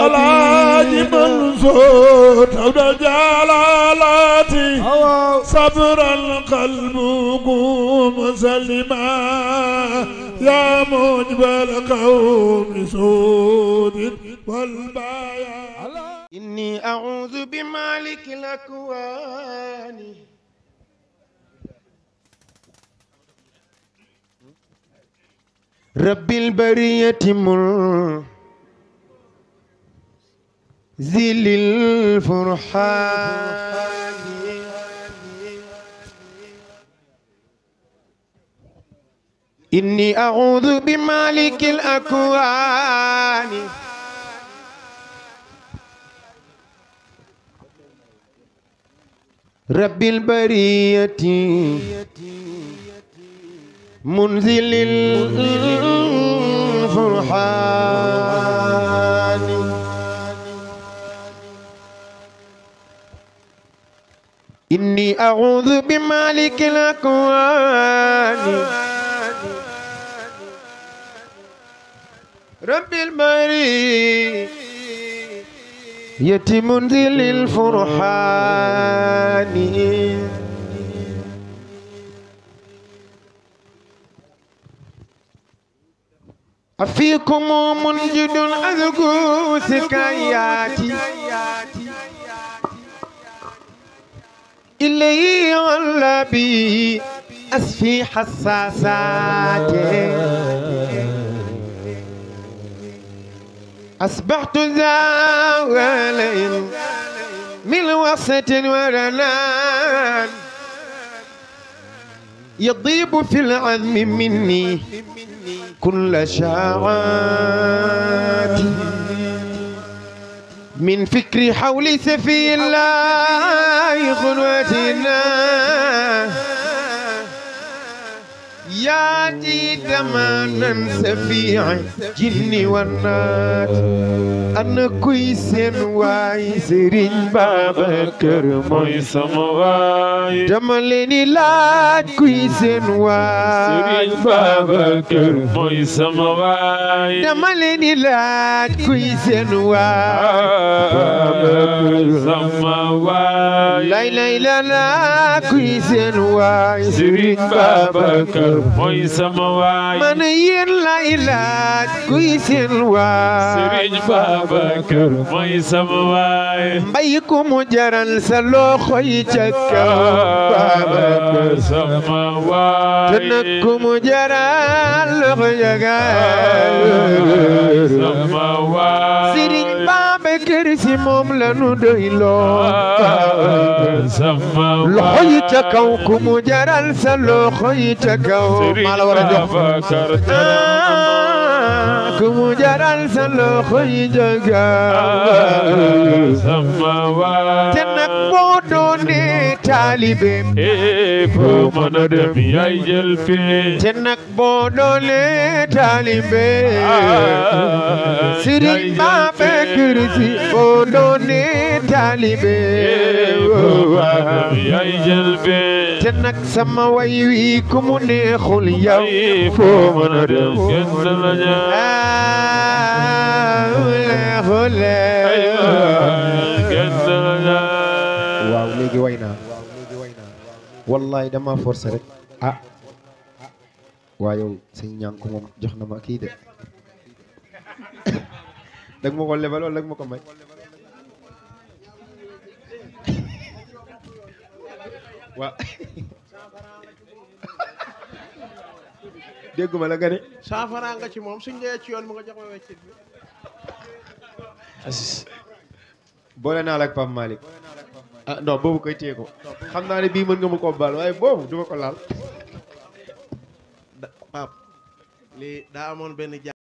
alaaji mansoor tawdal jalaalaati sabral qalbu muslima yaa mujbal qawmi suudin wal baaya inni a'uudu bi maalikil akwaani rabbil bariyati mul ذل الفرحان إني أعوذ بمالك الأكوان رب البرية منزل الفرحان إني أعوذ بمالك الأكوان رب المري يتم ذل الفرحان أفيكم منجد أذكو سكاياتي إلي غلبي أسفي حساسات أصبحت ذا غلين من وسط ورنان يضيب في العذم مني كل شاعاتي من فكر حول سفي الله خلوتنا ياتي زمانا سفيعا جني والناس انا كويس واي سيرين بابا كرمي سمواي دملني لا كويس واي سيرين بابا كرمي سمواي دملني لا كويس واي بابا كرمي laylana kuy seen waay Sëriñ Babacar mooy sama waay man yéen lay laaj kuy seen waay Sëriñ Babacar mooy sama waay mbay ku mu jaral sa loxo yi ca kaw sama waay te mu jaral loxo ya gaay loxo yi ca kaw ku mu jaral sa loxo yi ca kaw maa la war a jox ku mu jaral sa loxo yi ca kaw nag boo doonee taalibeem ko mën dem yaay jël fee te nag boo doonee taalibeem ah, Sëriñ Babacar Si boo doonee taalibeem ko mën dem yaay jël fee te nag sama way wi ku mu neexul yow foo mën a dem kenn da la ñaan ah, léegi way naa wallaay dama forcé rek ah waa yow sëñ ñànku moom jox ma kii de ma ko lebal wala dag ma ko may dégguma la nga ne saafara nga ci moom suñ dee ci nga jox ma weccit bi boole naa la ak Pape ah non boobu koy téye xam naa ne bii mën nga ma koo baal waaye boobu du ma ko laal. Pape lii daa amoon benn